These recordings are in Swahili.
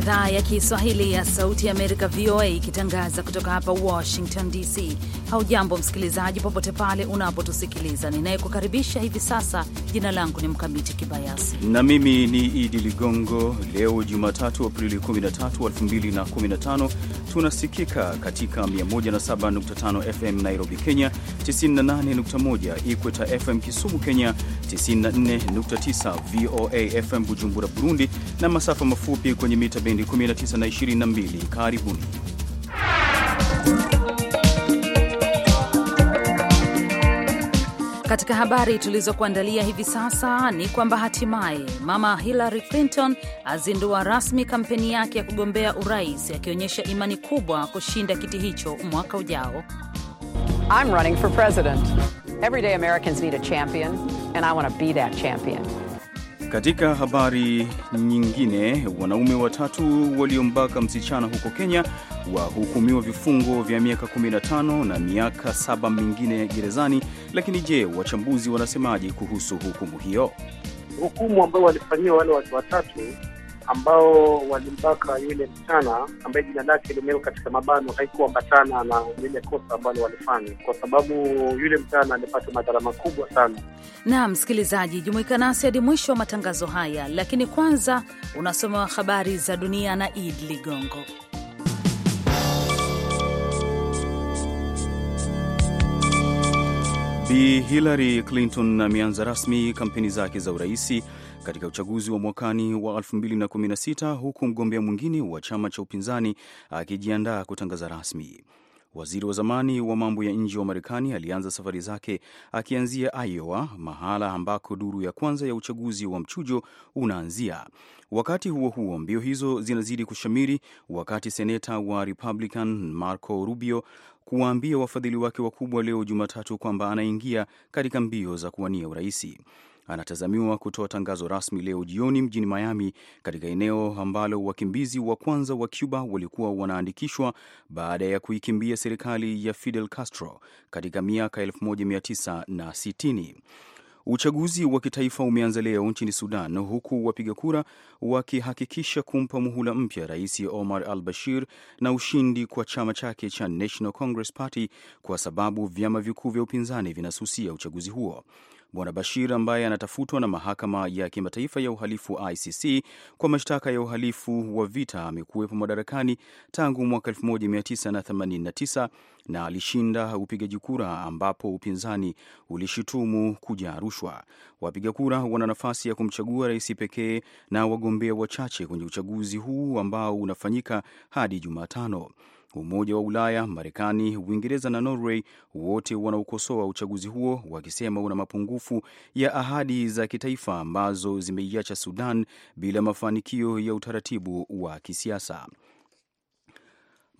idhaa ya Kiswahili ya Sauti ya Amerika, VOA, ikitangaza kutoka hapa Washington DC. Haujambo msikilizaji, popote pale unapotusikiliza. Ninayekukaribisha hivi sasa, jina langu ni Mkamiti Kibayasi na mimi ni Idi Ligongo. Leo Jumatatu, Aprili 13, 2015, tunasikika katika 107.5 FM Nairobi, Kenya, 98.1 Ikweta FM Kisumu, Kenya, 94.9 VOA FM Bujumbura, Burundi, na masafa mafupi kwenye mita bendi 19 na 22. Karibuni. Katika habari tulizokuandalia hivi sasa ni kwamba hatimaye mama Hillary Clinton azindua rasmi kampeni yake ya kugombea urais akionyesha imani kubwa kushinda kiti hicho mwaka ujao. I'm running for president. Everyday Americans need a champion and I want to be that champion. Katika habari nyingine, wanaume watatu waliombaka msichana huko Kenya wahukumiwa vifungo vya miaka 15 na miaka saba mingine gerezani. Lakini je, wachambuzi wanasemaje kuhusu hukumu hiyo? Hukumu ambayo walifanyia wale watu watatu ambao walimbaka yule msichana ambaye jina lake limewekwa katika mabano haikuambatana na lile kosa ambalo walifanya, kwa sababu yule msichana alipata madhara makubwa sana. Naam, msikilizaji, jumuika nasi hadi mwisho wa matangazo haya, lakini kwanza unasomewa habari za dunia na Id Ligongo. Bi Hillary Clinton ameanza rasmi kampeni zake za uraisi katika uchaguzi wa mwakani wa 2016 huku mgombea mwingine wa chama cha upinzani akijiandaa kutangaza rasmi. Waziri wa zamani wa mambo ya nje wa Marekani alianza safari zake akianzia Iowa, mahala ambako duru ya kwanza ya uchaguzi wa mchujo unaanzia. Wakati huo huo, mbio hizo zinazidi kushamiri, wakati seneta wa Republican Marco Rubio kuwaambia wafadhili wake wakubwa leo Jumatatu kwamba anaingia katika mbio za kuwania uraisi anatazamiwa kutoa tangazo rasmi leo jioni mjini Miami, katika eneo ambalo wakimbizi wa kwanza wa Cuba walikuwa wanaandikishwa baada ya kuikimbia serikali ya Fidel Castro katika miaka 1960. Uchaguzi wa kitaifa umeanza leo nchini Sudan, huku wapiga kura wakihakikisha kumpa muhula mpya Rais Omar al Bashir na ushindi kwa chama chake cha National Congress Party, kwa sababu vyama vikuu vya upinzani vinasusia uchaguzi huo. Bwana Bashir ambaye anatafutwa na mahakama ya kimataifa ya uhalifu ICC kwa mashtaka ya uhalifu wa vita amekuwepo madarakani tangu mwaka 1989 na alishinda upigaji kura ambapo upinzani ulishutumu kuja rushwa. Wapiga kura wana nafasi ya kumchagua rais pekee na wagombea wachache kwenye uchaguzi huu ambao unafanyika hadi Jumatano. Umoja wa Ulaya, Marekani, Uingereza na Norway wote wanaokosoa uchaguzi huo wakisema una mapungufu ya ahadi za kitaifa ambazo zimeiacha Sudan bila mafanikio ya utaratibu wa kisiasa.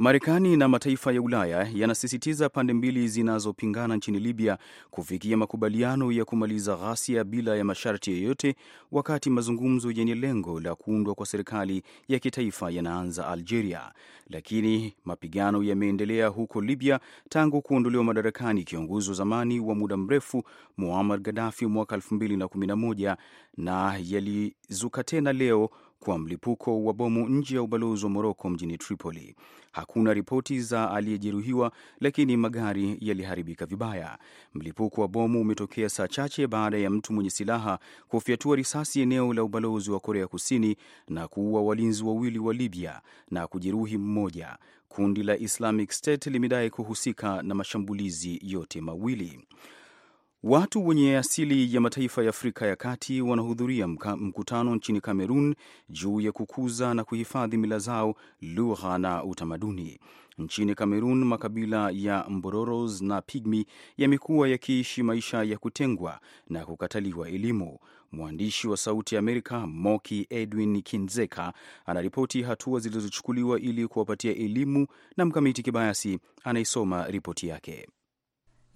Marekani na mataifa ya Ulaya yanasisitiza pande mbili zinazopingana nchini Libya kufikia makubaliano ya kumaliza ghasia bila ya masharti yoyote, wakati mazungumzo yenye lengo la kuundwa kwa serikali ya kitaifa yanaanza Algeria. Lakini mapigano yameendelea huko Libya tangu kuondolewa madarakani kiongozi wa zamani wa muda mrefu Muammar Gaddafi mwaka 2011 na yalizuka tena leo kwa mlipuko wa bomu nje ya ubalozi wa Moroko mjini Tripoli. Hakuna ripoti za aliyejeruhiwa, lakini magari yaliharibika vibaya. Mlipuko wa bomu umetokea saa chache baada ya mtu mwenye silaha kufyatua risasi eneo la ubalozi wa Korea Kusini na kuua walinzi wawili wa Libya na kujeruhi mmoja. Kundi la Islamic State limedai kuhusika na mashambulizi yote mawili. Watu wenye asili ya mataifa ya Afrika ya Kati wanahudhuria mkutano nchini Kamerun juu ya kukuza na kuhifadhi mila zao, lugha na utamaduni. Nchini Kamerun, makabila ya Mbororos na Pigmi yamekuwa yakiishi maisha ya kutengwa na kukataliwa elimu. Mwandishi wa Sauti ya Amerika Moki Edwin Kinzeka anaripoti hatua zilizochukuliwa ili kuwapatia elimu, na Mkamiti Kibayasi anaisoma ripoti yake.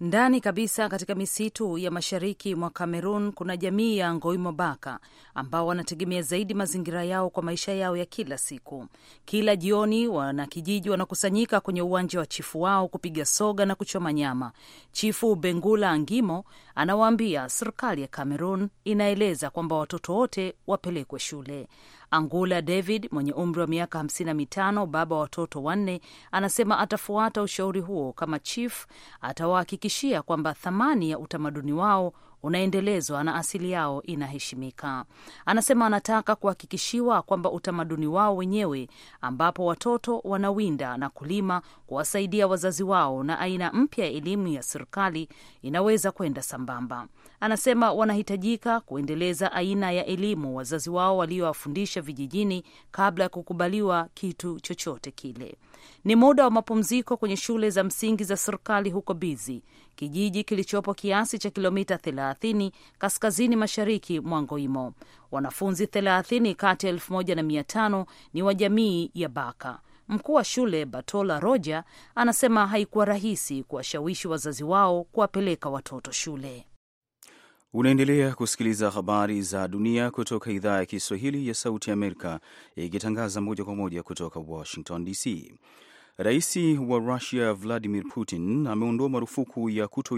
Ndani kabisa katika misitu ya mashariki mwa Kamerun kuna jamii ya Ngoimobaka ambao wanategemea zaidi mazingira yao kwa maisha yao ya kila siku. Kila jioni, wanakijiji wanakusanyika kwenye uwanja wa chifu wao kupiga soga na kuchoma nyama. Chifu Bengula Ngimo anawaambia serikali ya Kamerun inaeleza kwamba watoto wote wapelekwe shule. Angula David mwenye umri wa miaka 55, baba wa watoto wanne, anasema atafuata ushauri huo kama chief atawahakikishia kwamba thamani ya utamaduni wao unaendelezwa na asili yao inaheshimika. Anasema anataka kuhakikishiwa kwamba utamaduni wao wenyewe ambapo watoto wanawinda na kulima kuwasaidia wazazi wao na aina mpya ya elimu ya serikali inaweza kwenda sambamba. Anasema wanahitajika kuendeleza aina ya elimu wazazi wao waliowafundisha vijijini kabla ya kukubaliwa kitu chochote kile. Ni muda wa mapumziko kwenye shule za msingi za serikali huko Bizi, kijiji kilichopo kiasi cha kilomita 30 kaskazini mashariki mwa Ngoimo. Wanafunzi 30 kati ya 1500 ni wa jamii ya Baka. Mkuu wa shule Batola Roja anasema haikuwa rahisi kuwashawishi wazazi wao kuwapeleka watoto shule. Unaendelea kusikiliza habari za dunia kutoka idhaa ya Kiswahili ya Sauti Amerika, ikitangaza moja kwa moja kutoka Washington DC. Rais wa Russia Vladimir Putin ameondoa marufuku ya kuto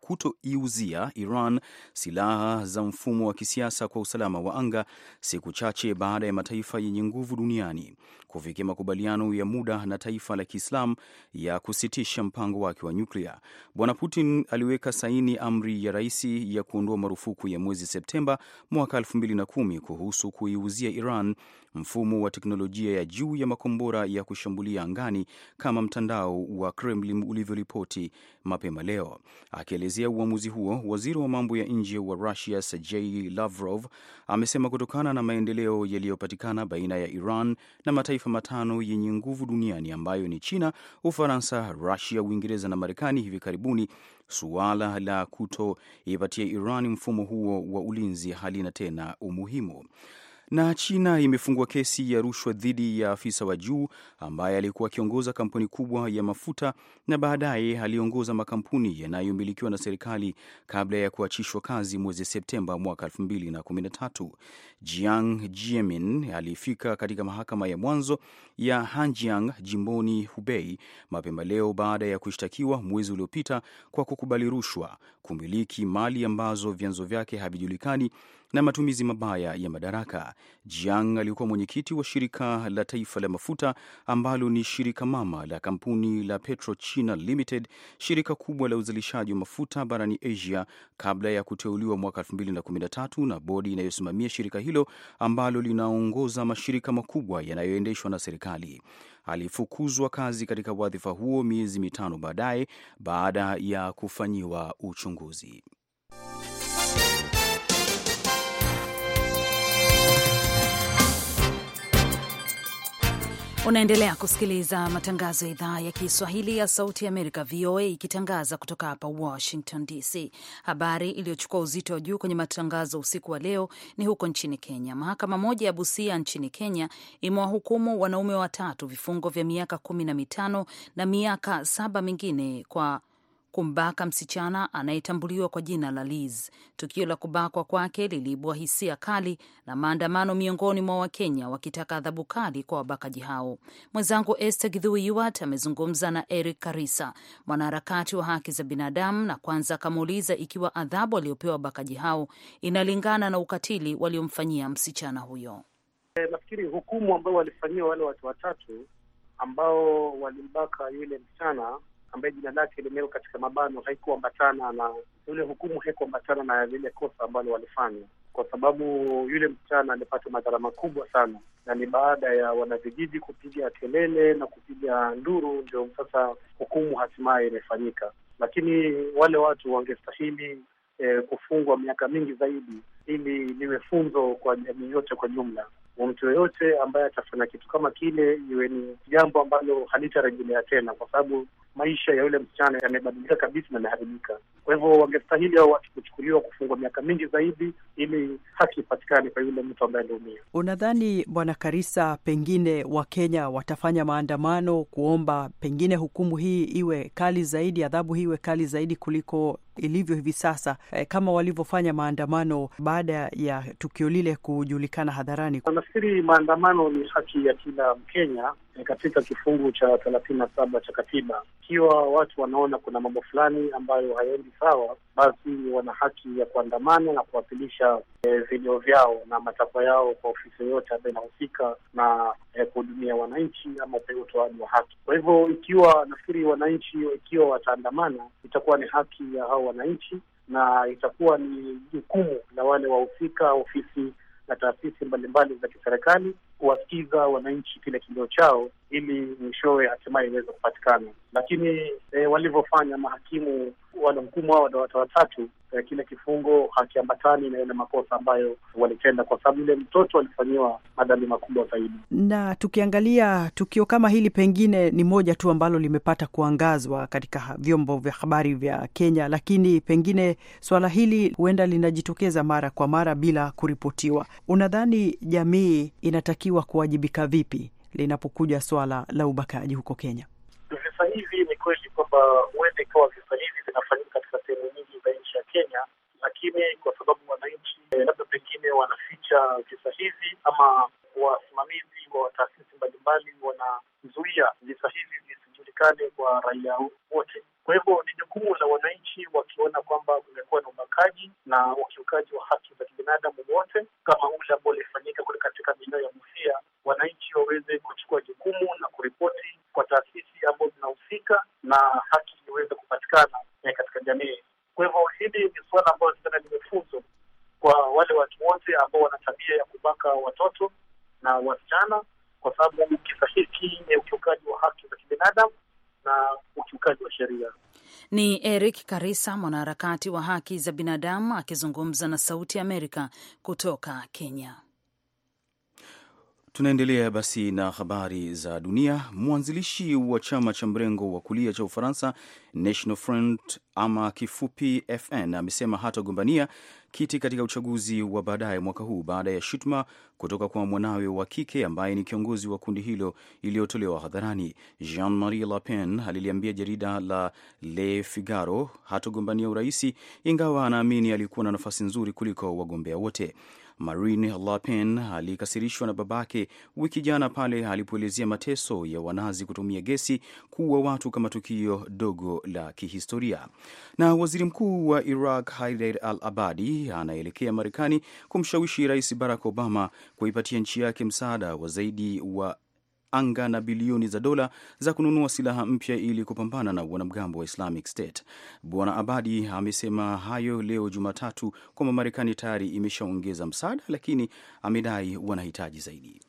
kutoiuzia Iran silaha za mfumo wa kisiasa kwa usalama wa anga, siku chache baada ya mataifa yenye nguvu duniani kufikia makubaliano ya muda na taifa la Kiislam ya kusitisha mpango wake wa nyuklia. Bwana Putin aliweka saini amri ya raisi ya kuondoa marufuku ya mwezi Septemba mwaka 2010 kuhusu kuiuzia Iran mfumo wa teknolojia ya juu ya makombora ya kushambulia angani kama mtandao wa Kremlin ulivyoripoti mapema leo. Akielezea uamuzi huo, waziri wa mambo ya nje wa Russia Sergei Lavrov amesema kutokana na maendeleo yaliyopatikana baina ya Iran na mataifa matano yenye nguvu duniani ambayo ni China, Ufaransa, rasia Uingereza na Marekani hivi karibuni suala la kutoipatia Iran mfumo huo wa ulinzi halina tena umuhimu. Na China imefungua kesi ya rushwa dhidi ya afisa wa juu ambaye alikuwa akiongoza kampuni kubwa ya mafuta na baadaye aliongoza makampuni yanayomilikiwa na serikali kabla ya kuachishwa kazi mwezi Septemba mwaka 2013. Jiang Jiemin alifika katika mahakama ya mwanzo ya Hanjiang jimboni Hubei mapema leo baada ya kushtakiwa mwezi uliopita kwa kukubali rushwa, kumiliki mali ambazo vyanzo vyake havijulikani na matumizi mabaya ya madaraka. Jiang alikuwa mwenyekiti wa shirika la taifa la mafuta ambalo ni shirika mama la kampuni la PetroChina Limited, shirika kubwa la uzalishaji wa mafuta barani Asia, kabla ya kuteuliwa mwaka 2013 na bodi inayosimamia shirika hilo ambalo linaongoza mashirika makubwa yanayoendeshwa na serikali. Alifukuzwa kazi katika wadhifa huo miezi mitano baadaye baada ya kufanyiwa uchunguzi. Unaendelea kusikiliza matangazo ya idhaa ya Kiswahili ya Sauti ya Amerika, VOA, ikitangaza kutoka hapa Washington DC. Habari iliyochukua uzito wa juu kwenye matangazo usiku wa leo ni huko nchini Kenya. Mahakama moja ya Busia nchini Kenya imewahukumu wanaume watatu vifungo vya miaka kumi na mitano na miaka saba mingine kwa kumbaka msichana anayetambuliwa kwa jina la Liz. Tukio la kubakwa kwake liliibua hisia kali na maandamano miongoni mwa Wakenya wakitaka adhabu kali kwa wabakaji hao. Mwenzangu Esther Gidhui amezungumza na Eric Karisa, mwanaharakati wa haki za binadamu, na kwanza akamuuliza ikiwa adhabu aliyopewa wabakaji hao inalingana na ukatili waliomfanyia msichana huyo. Eh, nafikiri hukumu ambayo walifanyia wale watu watatu ambao walimbaka yule msichana ambaye jina lake limewekwa katika mabano haikuambatana na yule hukumu, haikuambatana na lile kosa ambalo walifanya, kwa sababu yule msichana alipata madhara makubwa sana, na ni baada ya wanavijiji kupiga kelele na kupiga nduru ndio sasa hukumu hatimaye imefanyika. Lakini wale watu wangestahili eh, kufungwa miaka mingi zaidi, ili liwe funzo kwa jamii yote kwa jumla mtu yoyote ambaye atafanya kitu kama kile, iwe ni jambo ambalo halitarejelea tena, kwa sababu maisha ya yule msichana yamebadilika kabisa na yameharibika. Kwa hivyo wangestahili hao watu kuchukuliwa, kufungwa miaka mingi zaidi, ili haki ipatikane kwa yule mtu ambaye aliumia. Unadhani Bwana Karisa, pengine Wakenya watafanya maandamano kuomba pengine hukumu hii iwe kali zaidi, adhabu hii iwe kali zaidi kuliko ilivyo hivi sasa, eh, kama walivyofanya maandamano baada ya tukio lile kujulikana hadharani? Nafikiri maandamano ni haki ya kila Mkenya eh, katika kifungu cha thelathini na saba cha katiba ikiwa watu wanaona kuna mambo fulani ambayo hayaendi sawa, basi wana haki ya kuandamana na kuwasilisha eh, vilio vyao na matakwa yao kwa ofisi yoyote ambayo inahusika na eh, kuhudumia wananchi ama utoaji wa haki. Kwa hivyo, ikiwa nafikiri wananchi ikiwa wataandamana, itakuwa ni haki ya hao wananchi na itakuwa ni jukumu la wale wahusika, ofisi na taasisi mbalimbali za kiserikali kuwasikiza wananchi kile kilio chao, ili mwishowe hatimaye iweze kupatikana lakini eh, walivyofanya mahakimu wanahukumu hao wadawata watatu eh, kile kifungo hakiambatani na yale makosa ambayo walitenda, kwa sababu yule mtoto alifanyiwa madhali makubwa zaidi. Na tukiangalia tukio kama hili, pengine ni moja tu ambalo limepata kuangazwa katika vyombo vya habari vya Kenya, lakini pengine swala hili huenda linajitokeza mara kwa mara bila kuripotiwa. Unadhani jamii inatakiwa kuwajibika vipi linapokuja swala la ubakaji huko Kenya? kwamba huenda ikawa visa hivi vinafanyika katika sehemu nyingi za nchi ya Kenya, lakini kwa sababu wananchi eh, labda pengine wanaficha visa hivi ama wasimamizi wa taasisi mbalimbali wanazuia visa hivi visijulikane kwa raia wote. Kwa hivyo ni jukumu la wananchi, wakiona kwamba kumekuwa na ubakaji na ukiukaji wa haki za kibinadamu wote kama ule ambao Ni Eric Karisa, mwanaharakati wa haki za binadamu, akizungumza na Sauti ya Amerika kutoka Kenya. Tunaendelea basi na habari za dunia. Mwanzilishi wa chama cha mrengo wa kulia cha Ufaransa National Front ama kifupi FN, amesema hatagombania kiti katika uchaguzi wa baadaye mwaka huu baada ya shutuma kutoka kwa mwanawe wa kike ambaye ni kiongozi wa kundi hilo iliyotolewa hadharani. Jean Marie Le Pen aliliambia jarida la Le Figaro hatagombania uraisi, ingawa anaamini alikuwa na nafasi nzuri kuliko wagombea wote. Marine Le Pen alikasirishwa na babake wiki jana pale alipoelezea mateso ya wanazi kutumia gesi kuua watu kama tukio dogo la kihistoria. Na waziri mkuu wa Iraq Haider al-Abadi anaelekea Marekani kumshawishi Rais Barack Obama kuipatia nchi yake msaada wa zaidi wa anga na bilioni za dola za kununua silaha mpya ili kupambana na wanamgambo wa Islamic State. Bwana Abadi amesema hayo leo Jumatatu kwamba Marekani tayari imeshaongeza msaada, lakini amedai wanahitaji zaidi.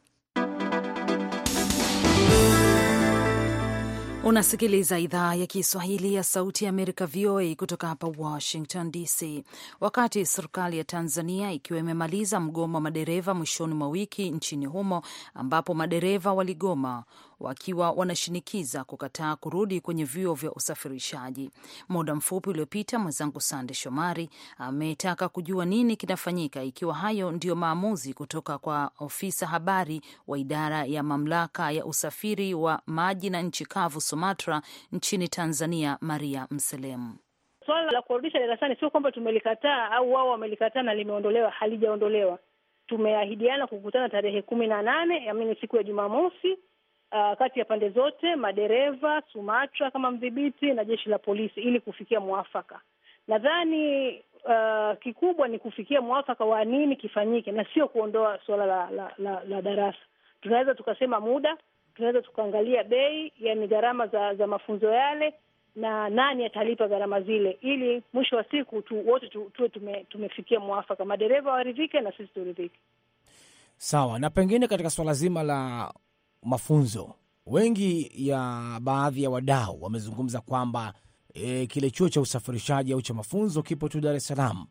Unasikiliza idhaa ya Kiswahili ya Sauti ya Amerika, VOA, kutoka hapa Washington DC. Wakati serikali ya Tanzania ikiwa imemaliza mgomo wa madereva mwishoni mwa wiki nchini humo, ambapo madereva waligoma wakiwa wanashinikiza kukataa kurudi kwenye vyuo vya usafirishaji. Muda mfupi uliopita, mwenzangu Sande Shomari ametaka kujua nini kinafanyika ikiwa hayo ndiyo maamuzi kutoka kwa ofisa habari wa idara ya mamlaka ya usafiri wa maji na nchi kavu Sumatra nchini Tanzania, Maria Mselemu. Swala la kuwarudisha darasani sio kwamba tumelikataa au wao wamelikataa na limeondolewa, halijaondolewa. Tumeahidiana kukutana tarehe kumi na nane amini siku ya Jumamosi uh, kati ya pande zote, madereva, SUMATRA kama mdhibiti na jeshi la polisi ili kufikia mwafaka. Nadhani uh, kikubwa ni kufikia mwafaka wa nini kifanyike na sio kuondoa suala la, la, la, la darasa. Tunaweza tukasema muda, tunaweza tukaangalia bei, yani gharama za, za mafunzo yale na nani atalipa gharama zile, ili mwisho wa siku tu, wote tuwe tu, tume, tumefikia mwafaka, madereva waridhike na sisi turidhike. Sawa. Na pengine katika suala zima la mafunzo. Wengi ya baadhi ya wadau wamezungumza kwamba e, kile chuo cha usafirishaji au cha mafunzo kipo tu Dar es Salaam,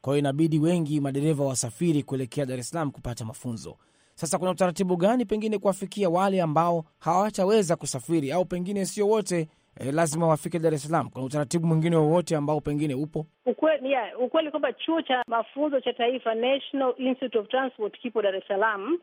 kwa hiyo inabidi wengi madereva wasafiri kuelekea Dar es Salaam kupata mafunzo. Sasa kuna utaratibu gani pengine kuwafikia wale ambao hawataweza kusafiri au pengine sio wote E, lazima wafike Dar es Salaam. Kuna utaratibu mwingine wowote ambao pengine upo? Ukweli yeah, ukweli kwamba chuo cha mafunzo cha taifa National Institute of Transport kipo Dar es Salaam,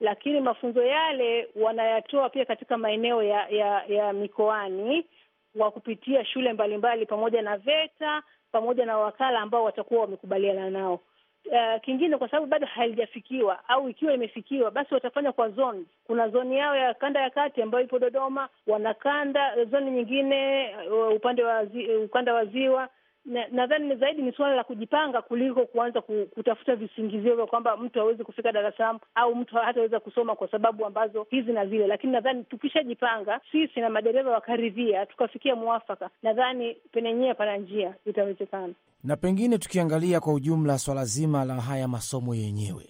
lakini mafunzo yale wanayatoa pia katika maeneo ya, ya, ya mikoani wa kupitia shule mbalimbali mbali, pamoja na VETA pamoja na wakala ambao watakuwa wamekubaliana nao. Uh, kingine kwa sababu bado haijafikiwa au ikiwa imefikiwa basi watafanya kwa zoni. Kuna zoni yao ya kanda ya kati ambayo ipo Dodoma, wana kanda zoni nyingine uh, upande wa zi, uh, ukanda wa ziwa nadhani na zaidi ni suala la kujipanga kuliko kuanza kutafuta visingizio vya kwamba mtu hawezi kufika Dar es Salaam au mtu hataweza kusoma kwa sababu ambazo hizi na zile. Lakini nadhani tukishajipanga sisi na madereva wakaridhia, tukafikia mwafaka, nadhani penenyewe pana njia itawezekana. Na pengine tukiangalia kwa ujumla swala zima la haya masomo yenyewe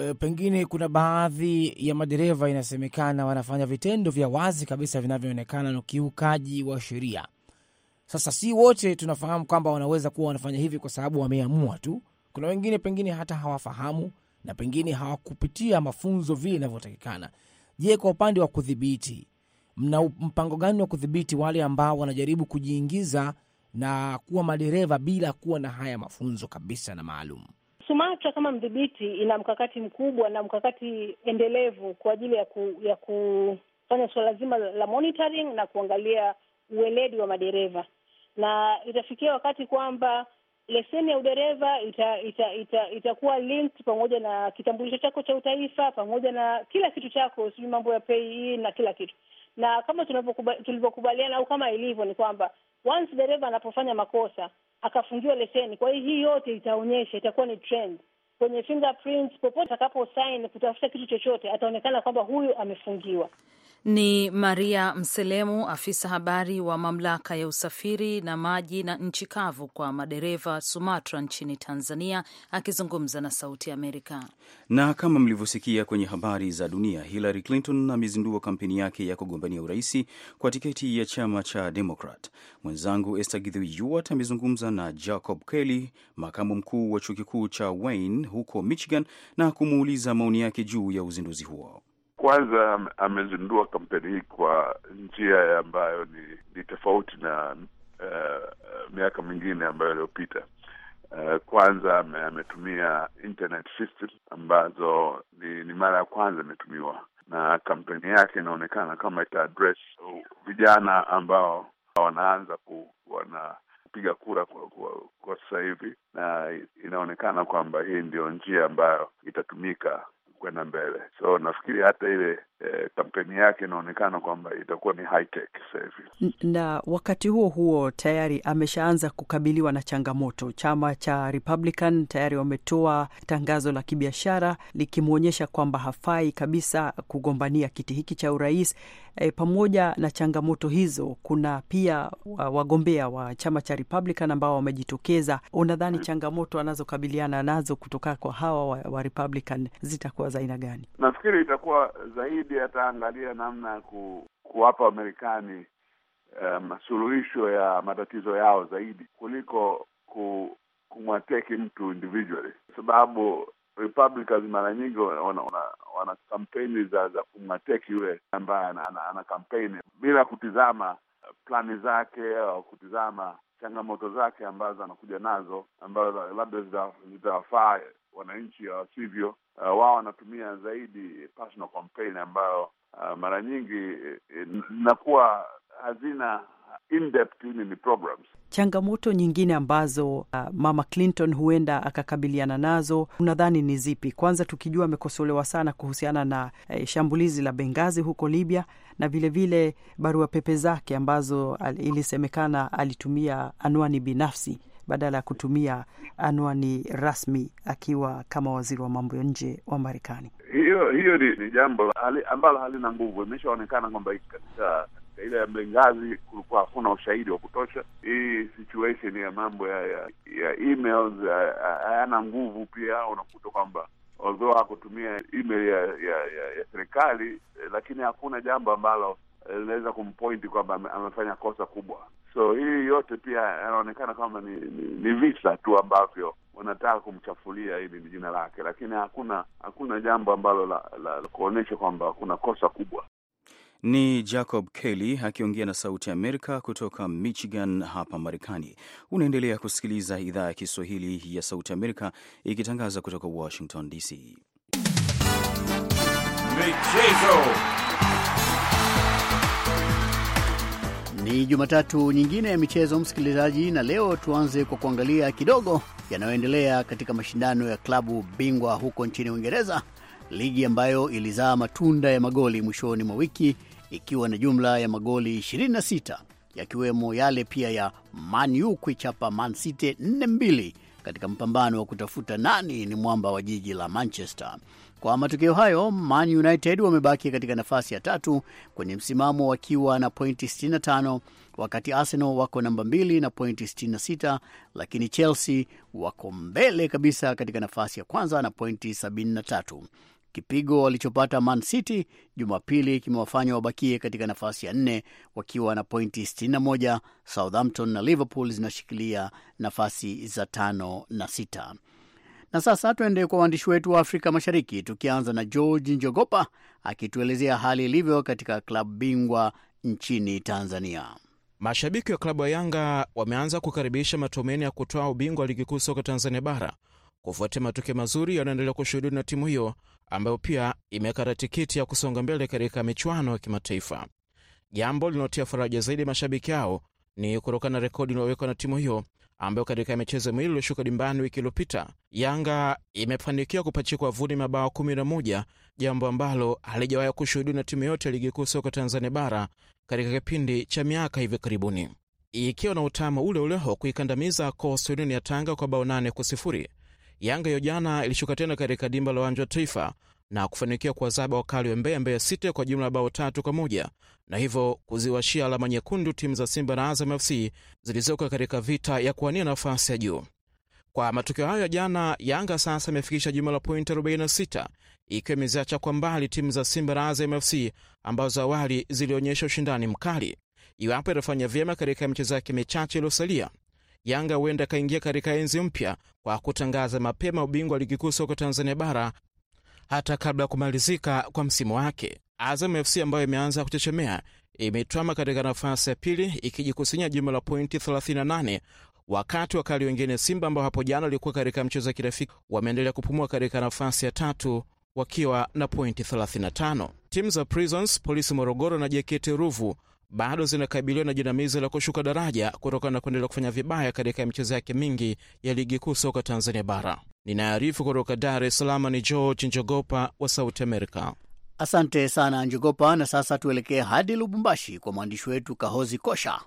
E, pengine kuna baadhi ya madereva inasemekana wanafanya vitendo vya wazi kabisa vinavyoonekana na ukiukaji wa sheria. Sasa si wote tunafahamu kwamba wanaweza kuwa wanafanya hivi kwa sababu wameamua tu. Kuna wengine pengine hata hawafahamu na pengine hawakupitia mafunzo vile inavyotakikana. Je, kwa upande wa kudhibiti, mna mpango gani wa kudhibiti wale ambao wanajaribu kujiingiza na kuwa madereva bila kuwa na haya mafunzo kabisa na maalum? SUMATRA kama mdhibiti ina mkakati mkubwa na mkakati endelevu kwa ajili ya, ku, ya kufanya suala zima la monitoring na kuangalia uweledi wa madereva na itafikia wakati kwamba leseni ya udereva itakuwa ita, ita, ita linked pamoja na kitambulisho chako cha utaifa pamoja na kila kitu chako, sijui mambo ya pei na kila kitu. Na kama tulivyokubaliana au kama ilivyo ni kwamba once dereva anapofanya makosa akafungiwa leseni. Kwa hiyo hii yote itaonyesha, itakuwa ni trend kwenye fingerprints, popote atakapo sign kutafuta kitu chochote, ataonekana kwamba huyu amefungiwa. Ni Maria Mselemu, afisa habari wa mamlaka ya usafiri na maji na nchi kavu kwa madereva SUMATRA nchini Tanzania, akizungumza na Sauti ya Amerika. Na kama mlivyosikia kwenye habari za dunia, Hillary Clinton amezindua kampeni yake ya kugombania uraisi kwa tiketi ya chama cha Demokrat. Mwenzangu Esther Githuiyuat amezungumza na Jacob Kelly, makamu mkuu wa chuo kikuu cha Wayne huko Michigan, na kumuuliza maoni yake juu ya uzinduzi huo kwanza amezindua kampeni hii kwa njia ambayo ni, ni tofauti na uh, miaka mingine ambayo iliyopita. Uh, kwanza ametumia internet system ambazo ni, ni mara ya kwanza imetumiwa, na kampeni yake inaonekana kama ita address vijana ambao wanaanza ku, wana piga kura kwa, kwa, kwa sasa hivi, na inaonekana kwamba hii ndio njia ambayo itatumika kwenda mbele. So nafikiri hata ile E, kampeni yake inaonekana kwamba itakuwa ni high tech sasa hivi, na wakati huo huo tayari ameshaanza kukabiliwa na changamoto. Chama cha Republican tayari wametoa tangazo la kibiashara likimwonyesha kwamba hafai kabisa kugombania kiti hiki cha urais. E, pamoja na changamoto hizo kuna pia wagombea wa chama cha Republican ambao wamejitokeza. Unadhani changamoto anazokabiliana nazo kutoka kwa hawa wa, wa Republican zitakuwa za aina gani? Nafikiri itakuwa zaidi zaidi ataangalia namna ya ku, kuwapa Wamarekani masuluhisho um, suluhisho ya matatizo yao zaidi kuliko ku, kumwateki mtu individually, kwa sababu Republicans mara nyingi wana, wana, wana kampeni za za kumwateki yule ambaye ana, ana, ana kampeni bila kutizama plani zake au kutizama changamoto zake ambazo anakuja nazo ambazo labda zitawafaa wananchi, wasivyo uh, wao wanatumia zaidi personal campaign ambayo uh, mara nyingi eh, zinakuwa eh, hazina in depth programs. Changamoto nyingine ambazo uh, Mama Clinton huenda akakabiliana nazo unadhani ni zipi? Kwanza tukijua amekosolewa sana kuhusiana na eh, shambulizi la Benghazi huko Libya na vilevile barua pepe zake ambazo al, ilisemekana alitumia anwani binafsi badala ya kutumia anwani rasmi akiwa kama waziri wa mambo ya nje wa Marekani. Hiyo hiyo ni, ni jambo hali, ambalo halina nguvu. Imeshaonekana kwamba katika ile ya Bengazi kulikuwa hakuna ushahidi wa kutosha. Hii situation ya mambo ya ya, ya emails hayana nguvu. Pia unakuta kwamba although hakutumia email ya ya, ya, ya serikali, eh, lakini hakuna jambo ambalo linaweza kumpointi kwamba amefanya kosa kubwa. So hii yote pia yanaonekana kama ni, ni, ni visa tu ambavyo wanataka kumchafulia hili ni jina lake, lakini hakuna hakuna jambo ambalo la, la, la kuonyesha kwamba kuna kosa kubwa. Ni Jacob Kelly akiongea na Sauti ya Amerika kutoka Michigan hapa Marekani. Unaendelea kusikiliza idhaa ya Kiswahili ya Sauti Amerika ikitangaza kutoka Washington DC. Michezo Ni Jumatatu nyingine ya michezo, msikilizaji, na leo tuanze kwa kuangalia kidogo yanayoendelea katika mashindano ya klabu bingwa huko nchini Uingereza, ligi ambayo ilizaa matunda ya magoli mwishoni mwa wiki ikiwa na jumla ya magoli 26 yakiwemo yale pia ya manu kuichapa mancity 4-2 katika mpambano wa kutafuta nani ni mwamba wa jiji la Manchester. Kwa matokeo hayo, Man United wamebaki katika nafasi ya tatu kwenye msimamo wakiwa na pointi 65, wakati Arsenal wako namba 2 na pointi 66, lakini Chelsea wako mbele kabisa katika nafasi ya kwanza na pointi 73. Kipigo walichopata Man City Jumapili kimewafanya wabakie katika nafasi ya nne wakiwa na pointi 61. Southampton na Liverpool zinashikilia nafasi za tano na sita. Na sasa tuende kwa waandishi wetu wa Afrika Mashariki, tukianza na George Njogopa akituelezea hali ilivyo katika klabu bingwa nchini Tanzania. Mashabiki wa klabu ya Yanga wameanza kukaribisha matumaini ya kutoa ubingwa wa ligi kuu soka Tanzania bara kufuatia matokeo mazuri yanayoendelea kushuhudiwa na timu hiyo ambayo pia imekata tikiti ya kusonga mbele katika michuano ya kimataifa. Jambo linaotia faraja zaidi mashabiki hao ni kutokana na rekodi iliyowekwa na timu hiyo ambayo katika michezo miwili iliyoshuka dimbani wiki iliyopita Yanga imefanikiwa kupachikwa vuni mabao 11, jambo ambalo halijawahi kushuhudiwa na timu yote ya ligi kuu soka Tanzania bara katika kipindi cha miaka hivi karibuni, ikiwa na utamu ule ule wa kuikandamiza Coastal ya Tanga kwa bao 8 kwa sifuri. Yanga hiyo jana ilishuka tena katika dimba la uwanja wa Taifa na kufanikiwa kuwazaba wakali wa Mbeya Mbeya City kwa jumla ya bao tatu kwa moja na hivyo kuziwashia alama nyekundu timu za Simba na Azam FC zilizoko katika vita ya kuwania nafasi ya juu. Kwa matokeo hayo ya jana, Yanga sasa imefikisha jumla la pointi 46 ikiwa imeziacha kwa mbali timu za Simba na Azam FC ambazo awali zilionyesha ushindani mkali. Iwapo itafanya vyema katika michezo yake michache iliyosalia, Yanga huenda akaingia katika enzi mpya kwa kutangaza mapema ubingwa wa ligi kuu soka Tanzania bara hata kabla ya kumalizika kwa msimu wake. Azam FC ambayo imeanza kuchechemea imetwama katika nafasi ya pili ikijikusanya jumla la pointi 38 wakati wakali wengine Simba ambao hapo jana walikuwa katika mchezo wa kirafiki wameendelea kupumua katika nafasi ya tatu wakiwa na pointi 35. Timu za Prisons, Polisi Morogoro na JKT Ruvu bado zinakabiliwa na jinamizi la kushuka daraja kutokana na kuendelea kufanya vibaya katika michezo yake mingi ya ligi kuu soka Tanzania Bara. Ninaarifu kutoka Dar es Salaam ni George Njogopa wa Sauti Amerika. Asante sana Njogopa, na sasa tuelekee hadi Lubumbashi kwa mwandishi wetu Kahozi Kosha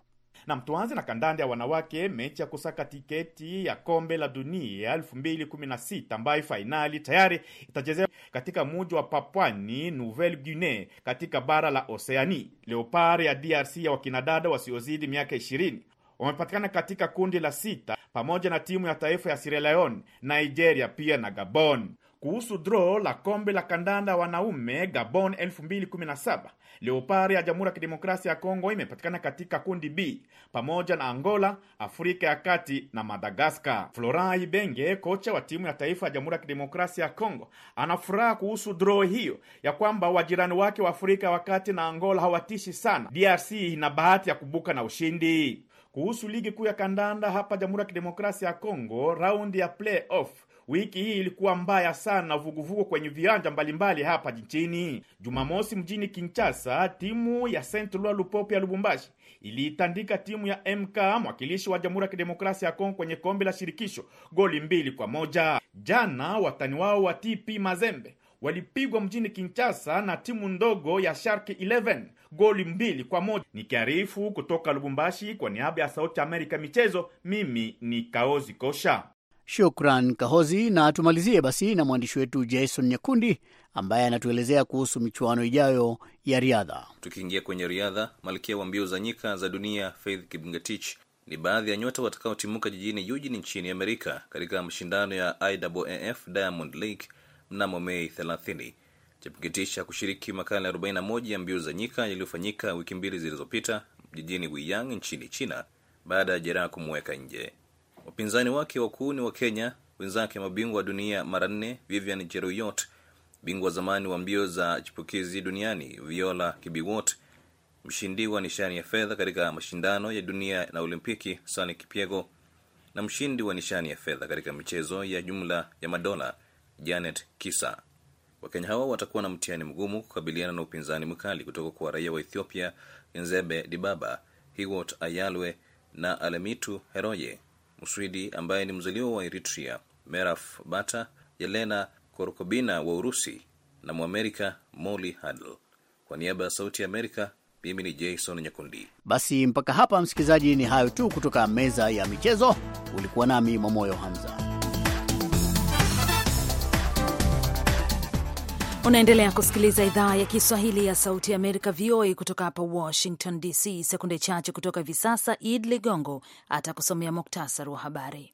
na tuanze na kandanda ya wanawake, mechi ya kusaka tiketi ya kombe la dunia 2016 ambayo fainali tayari itachezewa katika muji wa Papwani Nouvelle Guinea katika bara la Oseani. Leopard ya DRC ya wakinadada wasiozidi miaka 20 wamepatikana katika kundi la sita pamoja na timu ya taifa ya Sierra Leone, Nigeria pia na Gabon. Kuhusu draw la kombe la kandanda wanaume Gabon 217 Leopari ya Jamhuri ya Kidemokrasia ya Kongo imepatikana katika kundi B pamoja na Angola, Afrika ya Kati na Madagaskar. Florai ibenge kocha wa timu ya taifa ya Jamhuri ya Kidemokrasia ya Kongo, anafuraha kuhusu draw hiyo ya kwamba wajirani wake wa Afrika ya Kati na Angola hawatishi sana. DRC ina bahati ya kubuka na ushindi kuhusu ligi kuu ya kandanda hapa Jamhuri ya Kidemokrasia ya Kongo. Raundi ya playoff wiki hii ilikuwa mbaya sana, vuguvugu kwenye viwanja mbalimbali hapa nchini. Jumamosi mjini Kinshasa, timu ya Saint Eloi Lupopo ya Lubumbashi iliitandika timu ya MK mwakilishi wa Jamhuri ya Kidemokrasia ya Kongo kwenye kombe la shirikisho goli mbili kwa moja. Jana watani wao wa TP Mazembe walipigwa mjini Kinshasa na timu ndogo ya Shark 11 goli mbili kwa moja. Nikiarifu kutoka Lubumbashi kwa niaba ya Sauti ya Amerika michezo, mimi ni Kaozi Kosha. Shukran Kahozi, na tumalizie basi na mwandishi wetu Jason Nyakundi ambaye anatuelezea kuhusu michuano ijayo ya riadha. Tukiingia kwenye riadha, malkia wa mbio za nyika za dunia Faith Kibngetich ni baadhi ya nyota watakaotimuka jijini Eugene nchini Amerika katika mashindano ya IAAF Diamond League mnamo Mei 30. Chepngetich kushiriki makala 41 ya mbio za nyika yaliyofanyika wiki mbili zilizopita jijini wiyang nchini China baada ya jeraha kumweka nje. Wapinzani wake wakuu ni wa Kenya wenzake mabingwa wa dunia mara nne Vivian jeruyot bingwa zamani wa mbio za chipukizi duniani Viola Kibiwot, mshindi wa nishani ya fedha katika mashindano ya dunia na Olimpiki Sani Kipiego na mshindi wa nishani ya fedha katika michezo ya jumla ya madola Janet Kisa wakenya hawa watakuwa na mtihani mgumu kukabiliana na upinzani mkali kutoka kwa raia wa ethiopia nzebe dibaba hiwot ayalwe na alemitu heroye mswidi ambaye ni mzaliwa wa eritria meraf bata yelena korokobina wa urusi na mwamerika moli hadl kwa niaba ya sauti ya amerika mimi ni jason nyakundi basi mpaka hapa msikilizaji ni hayo tu kutoka meza ya michezo ulikuwa nami mamoyo hamza Unaendelea kusikiliza idhaa ya Kiswahili ya Sauti ya Amerika, VOA, kutoka hapa Washington DC. Sekunde chache kutoka hivi sasa, Id Ligongo atakusomea muktasari wa habari.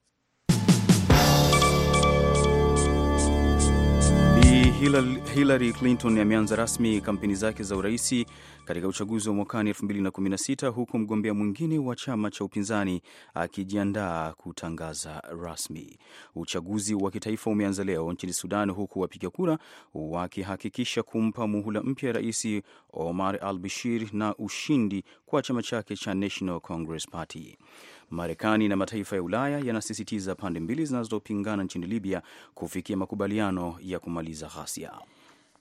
Hillary Clinton ameanza rasmi kampeni zake za uraisi katika uchaguzi wa mwakani 2016 huku mgombea mwingine wa chama cha upinzani akijiandaa kutangaza rasmi. Uchaguzi wa kitaifa umeanza leo nchini Sudan, huku wapiga kura wakihakikisha kumpa muhula mpya Rais Omar al Bashir na ushindi kwa chama chake cha National Congress Party. Marekani na mataifa ya Ulaya yanasisitiza pande mbili zinazopingana nchini Libya kufikia makubaliano ya kumaliza ghasia.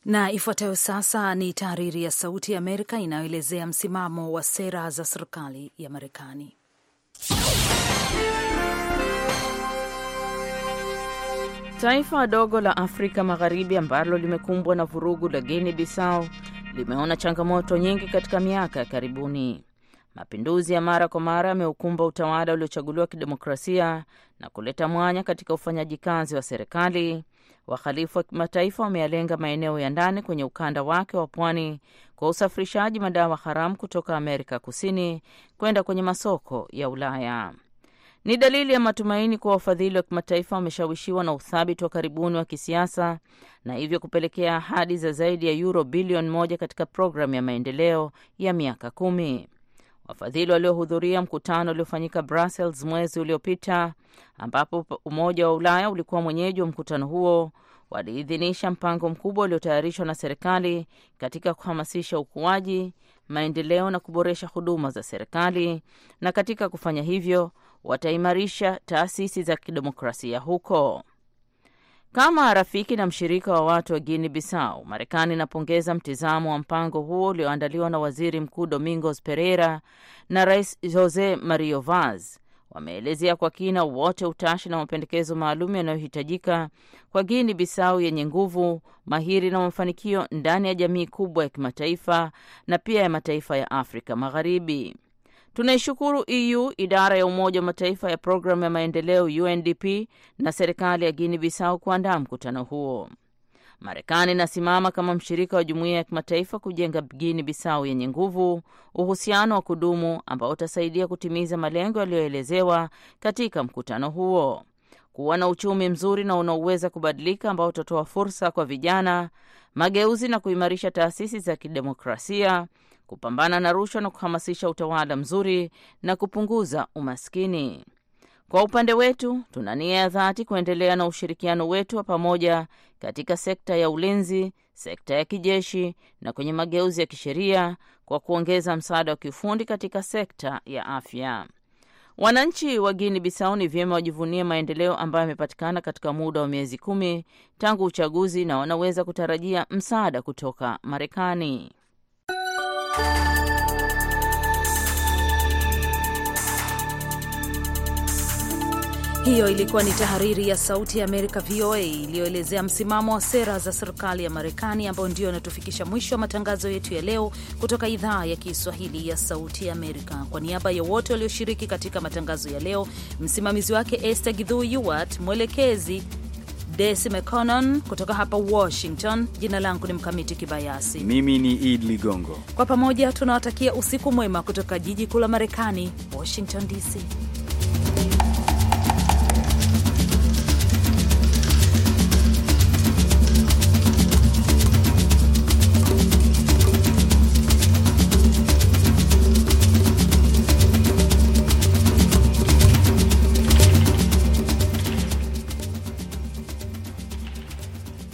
Na ifuatayo sasa ni tahariri ya Sauti ya Amerika inayoelezea msimamo wa sera za serikali ya Marekani. Taifa dogo la Afrika Magharibi ambalo limekumbwa na vurugu la Guinea Bissau limeona changamoto nyingi katika miaka ya karibuni. Mapinduzi ya mara kwa mara yameukumba utawala uliochaguliwa kidemokrasia na kuleta mwanya katika ufanyaji kazi wa serikali. Wahalifu wa kimataifa wameyalenga maeneo ya ndani kwenye ukanda wake wa pwani kwa usafirishaji madawa haramu kutoka Amerika Kusini kwenda kwenye masoko ya Ulaya. Ni dalili ya matumaini kuwa wafadhili wa kimataifa wameshawishiwa na uthabiti wa karibuni wa kisiasa na hivyo kupelekea ahadi za zaidi ya yuro bilioni moja katika programu ya maendeleo ya miaka kumi. Wafadhili waliohudhuria mkutano uliofanyika Brussels mwezi uliopita, ambapo Umoja wa Ulaya ulikuwa mwenyeji wa mkutano huo, waliidhinisha mpango mkubwa uliotayarishwa na serikali katika kuhamasisha ukuaji, maendeleo na kuboresha huduma za serikali, na katika kufanya hivyo wataimarisha taasisi za kidemokrasia huko. Kama rafiki na mshirika wa watu wa Guinea Bissau, Marekani inapongeza mtizamo wa mpango huo ulioandaliwa na waziri mkuu Domingos Pereira na rais Jose Mario Vaz. Wameelezea kwa kina wote utashi na mapendekezo maalum yanayohitajika kwa guini Bissau yenye nguvu, mahiri na mafanikio ndani ya jamii kubwa ya kimataifa na pia ya mataifa ya Afrika Magharibi. Tunaishukuru EU, idara ya Umoja wa Mataifa ya programu ya maendeleo UNDP na serikali ya Guinea Bissau kuandaa mkutano huo. Marekani inasimama kama mshirika wa jumuiya ya kimataifa kujenga Guinea Bissau yenye nguvu, uhusiano wa kudumu ambao utasaidia kutimiza malengo yaliyoelezewa katika mkutano huo: kuwa na uchumi mzuri na unaoweza kubadilika ambao utatoa fursa kwa vijana, mageuzi na kuimarisha taasisi za kidemokrasia kupambana na rushwa na kuhamasisha utawala mzuri na kupunguza umaskini. Kwa upande wetu, tuna nia ya dhati kuendelea na ushirikiano wetu wa pamoja katika sekta ya ulinzi, sekta ya kijeshi na kwenye mageuzi ya kisheria kwa kuongeza msaada wa kiufundi katika sekta ya afya. Wananchi wa Guinea Bissau ni vyema wajivunie maendeleo ambayo yamepatikana katika muda wa miezi kumi tangu uchaguzi na wanaweza kutarajia msaada kutoka Marekani. Hiyo ilikuwa ni tahariri ya Sauti ya Amerika, VOA, iliyoelezea msimamo wa sera za serikali ya Marekani, ambayo ndio inatufikisha mwisho wa matangazo yetu ya leo kutoka idhaa ya Kiswahili ya Sauti ya Amerika. Kwa niaba ya wote walioshiriki katika matangazo ya leo, msimamizi wake Esther Gidhu Yuwat, mwelekezi Desi Mconon kutoka hapa Washington. Jina langu ni Mkamiti Kibayasi, mimi ni Id Ligongo. Kwa pamoja tunawatakia usiku mwema kutoka jiji kuu la Marekani, Washington DC.